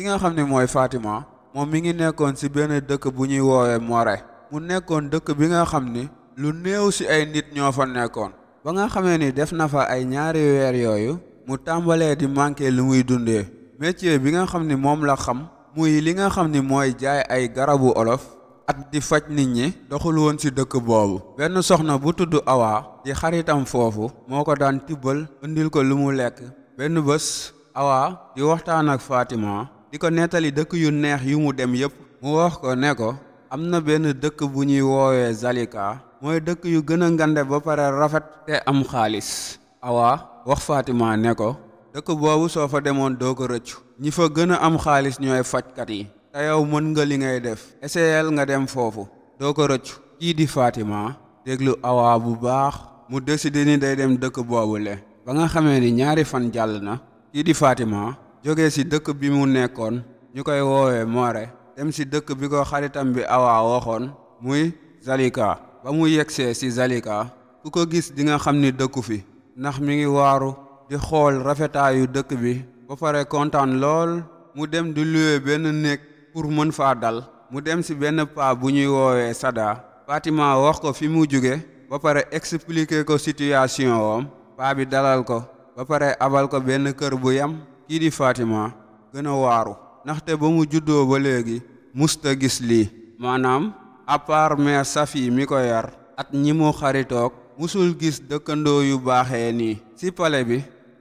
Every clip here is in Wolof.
ki nga xam ne mooy Fatima moom mi ngi nekkoon ci benn dëkk bu ñuy woowee More mu nekkoon dëkk bi nga xam ni lu néew ci ay nit ñoo fa nekkoon ba nga xamee ni def na fa ay ñaari weer yooyu mu tàmbalee di manqué lu muy dundee métier bi nga xam ni moom la xam muy li nga xam ni mooy jaay ay garabu olof at di faj nit ñi doxul woon ci dëkk boobu benn soxna bu tudd awaa di xaritam foofu moo ko daan tibbal indil ko lu mu lekk benn bés Awa di waxtaan ak Fatima di ko nettali dëkk yu neex yu mu dem yépp mu wax ko ne ko am na benn dëkk bu ñuy woowee Zalika mooy dëkk yu gën a ngande ba pare rafet te am xaalis awa wax Fatima ne ko dëkk boobu soo fa demoon doo ko rëccu ñi fa gën a am xaalis ñooy fajkat yi te yow mën nga li ngay def essayel nga dem foofu doo ko rëccu kii di Fatima déglu awaa bu baax mu décidé ni day dem dëkk boobu le ba nga xamee ni ñaari fan jàll na kii di Fatima jóge ci dëkk bi mu nekkoon ñu koy woowee moore dem ci dëkk bi ko xaritam bi awa waxoon muy zalika ba mu yegsee ci zalika ku ko gis di nga xam ni dëkku fi ndax mi ngi waaru di xool rafetaayu dëkk bi ba pare kontaan lool mu dem di luwe benn néeg pour mën faa dal mu dem ci benn paa bu ñuy woowee sada Fatima wax ko fi mu jóge ba pare expliquer ko situation woom paa bi dalal ko ba pare abal ko benn kër bu yam kii di Fatima gëna waaru ndaxte ba mu juddoo ba léegi musta gis lii maanaam à part mère Safi mi ko yar at ñi mu xaritoog musul gis dëkkandoo yu baaxee nii ci pale bi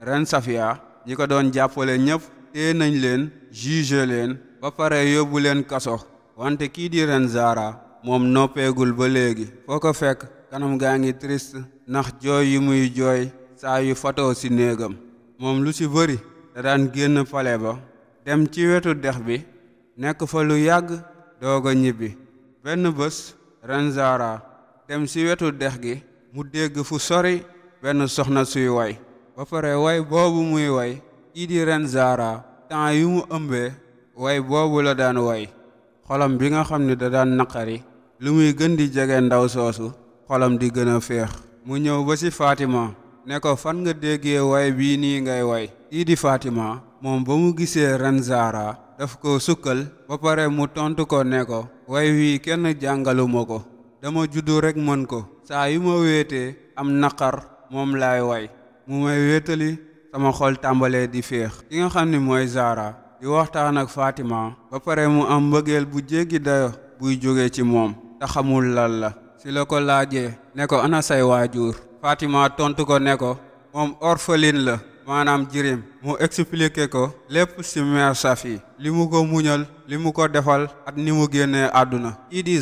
ren Safia ñi ko doon jàppale ñépp tee nañ leen juge leen ba pare yóbbu leen kaso wante kii di ren Zara moom noppeegul ba léegi foo ko fekk kanam gaa ngi triste ndax jooy yi muy jooy saa yu fatoo ci néegam moom lu ci bëri da daan génn pale ba dem ci wetu dex bi nekk fa lu yàgg doog a ñibbi benn bés Ranzara dem ci wetu dex gi mu dégg fu sori benn soxna suy woy ba pare woy boobu muy woy kii di Ranzara temps yu mu ëmbee woy boobu la daan woy xolam bi nga xam ni da daan naqari lu muy gën di jege ndaw soosu xolam di gën a féex mu ñëw ba ci Fatima ne ko fan nga déggee way bii nii ngay way kii di moom ba mu gisee ren Zahra daf ko sukkal ba pare mu tontu ko ne ko way wii kenn jàngaluma ko dama juddu rek mën ko saa yu ma wéetee am naqar moom lay way mu may wéetali sama xol tàmbalee di féex ki nga xam ni mooy Zahra di waxtaan ak Fatima ba pare mu am mbëggeel bu jéggi dayo buy jóge ci moom te xamul lan la si la ko laajee ne ko ana say waajur Fatima tontu ko ne ko moom orpheline la maanaam jirim mu expliqué ko lépp ci mère Safi li mu ko muñal li mu ko defal ak ni mu génne àdduna kii di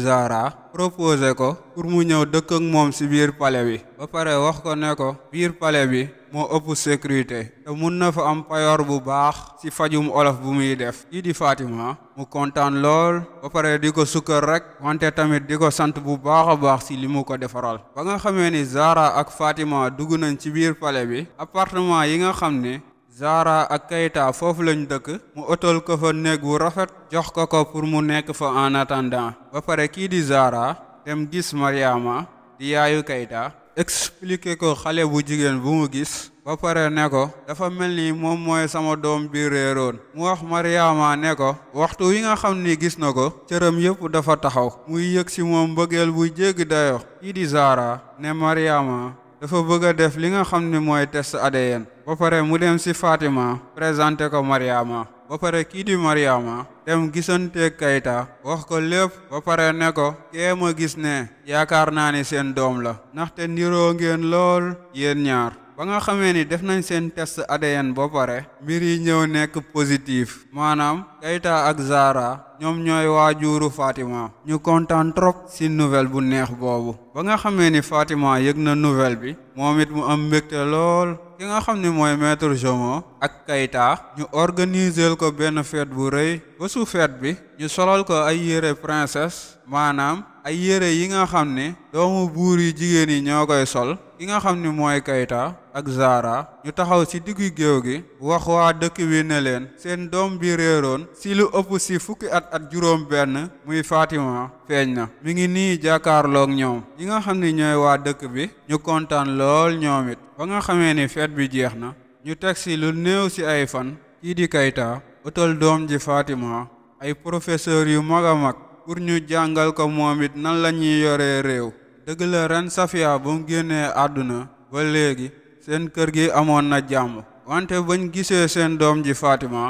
proposé ko pour mu ñëw dëkk ak moom ci biir pale bi ba pare wax ko ne ko biir pale bi moo ëpp sécurité te mun na fa am payoor bu baax ci fajum olof bu muy def kii di Fatima mu kontaan lool ba pare di ko sukkar rek wante tamit di ko sant bu baax a baax ci li mu ko defaral ba nga xamee ni Zara ak Fatima dugg nañ ci biir palais bi appartement yi nga xam ne Zara ak Keita foofu lañ dëkk mu ëttal ko fa néeg bu rafet jox ko ko pour mu nekk fa en attendant ba pare kii di Zara dem gis Mariama di yaayu Keita expliqué ko xale bu jigéen bu mu gis ba pare ne ko dafa mel ni moom mooy sama doom bi réeroon mu wax Mariama ne ko waxtu wi nga xam ni gis na ko cëram yëpp dafa taxaw muy yëg si moom bëggeel bu jéggi dayo kii di Zara ne Mariama dafa bëgg a def li nga xam ni mooy test ADN ba pare mu dem si faatiment présenté ko Mariama ba pare kii di Mariama dem gisanteeg Kayta wax ko lépp ba pare ne ko kee ma gis ne yaakaar naa ni seen doom la ndaxte niroo ngeen lool yéen ñaar ba nga xamee ni def nañ seen test ADN ba pare mbir yi ñëw nekk positif maanaam Kayta ak Zara ñoom ñooy waajuru Fatima ñu kontaan trop si nouvelle bu neex boobu ba nga xamee ni Fatima yëg na nouvelle bi moom it mu am mbégte lool ki nga xam ni mooy maître Jomo ak Kayta ñu organiser ko benn fête bu rëy ba su bi ñu solal ko ay yëre princesse maanaam ay yëre yi nga xam ni doomu buur yi jigéen yi ñoo koy sol ki nga xam ni mooy Keita ak Zara ñu taxaw ci diggu géew gi wax waa dëkk bi ne leen seen doom bi réeroon ci lu ëpp ci fukki at at juróom benn muy Fatima feeñ na mi ngi nii jàkkaarloog ñoom ñi nga xam ni ñooy waa dëkk bi ñu kontaan lool ñoom it ba nga xamee ni feet bi jeex na ñu teg ci lu néew ci ay fan kii di Keita utal doom ji Fatima ay professeur yu mag a mag pour ñu jàngal ko moom it nan la ñuy yoree réew dëgg la ren Safia ba mu génnee àdduna ba léegi seen kër gi amoon na jàmm wante bañ gisee seen doom ji Fatima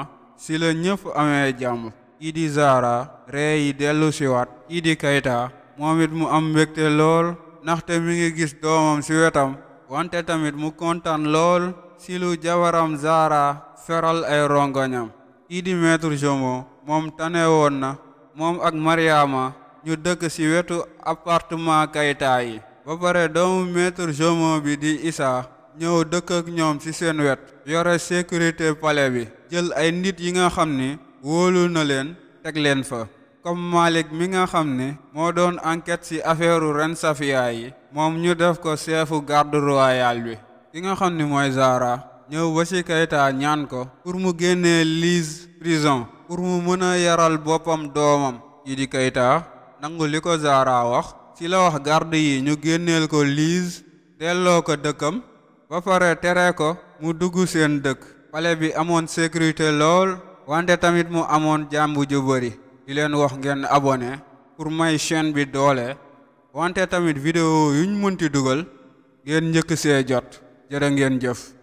si la ñëpp amee jàmm kii di Zara ree yi dellu siwaat kii di Kayta moom it mu am mbégte lool ndaxte mi ngi gis doomam ci wetam wante tamit mu kontaan lool si lu jabaram Zara feral ay rongoñam kii di maître moom tane woon na moom ak Mariama ñu dëkk ci wetu appartement Kayta yi ba pare doomu maître Jomo bi di Issa ñëw dëkk ak ñoom ci seen wet yore sécurité pale bi jël ay nit yi nga xam ni wóolu na leen teg leen fa comme Malick mi nga xam ni moo doon enquête ci affaireu ren Safia yi moom ñu def ko seefu garde royal bi ki nga xam ni mooy Zara ñëw ba ci Keita ñaan ko pour mu génnee Lise prison pour mu mën a yaral boppam doomam yi di Keita nangu li ko a wax ci la wax garde yi ñu génneel ko liis delloo ko dëkkam ba pare tere ko mu dugg seen dëkk pale bi amoon sécurité lool wante tamit mu amoon jàmbu ju bari di leen wax ngeen abone pour may chaîne bi doole wante tamit vidéo yuñ mënti dugal ngeen njëkk see jot jërë ngeen jëf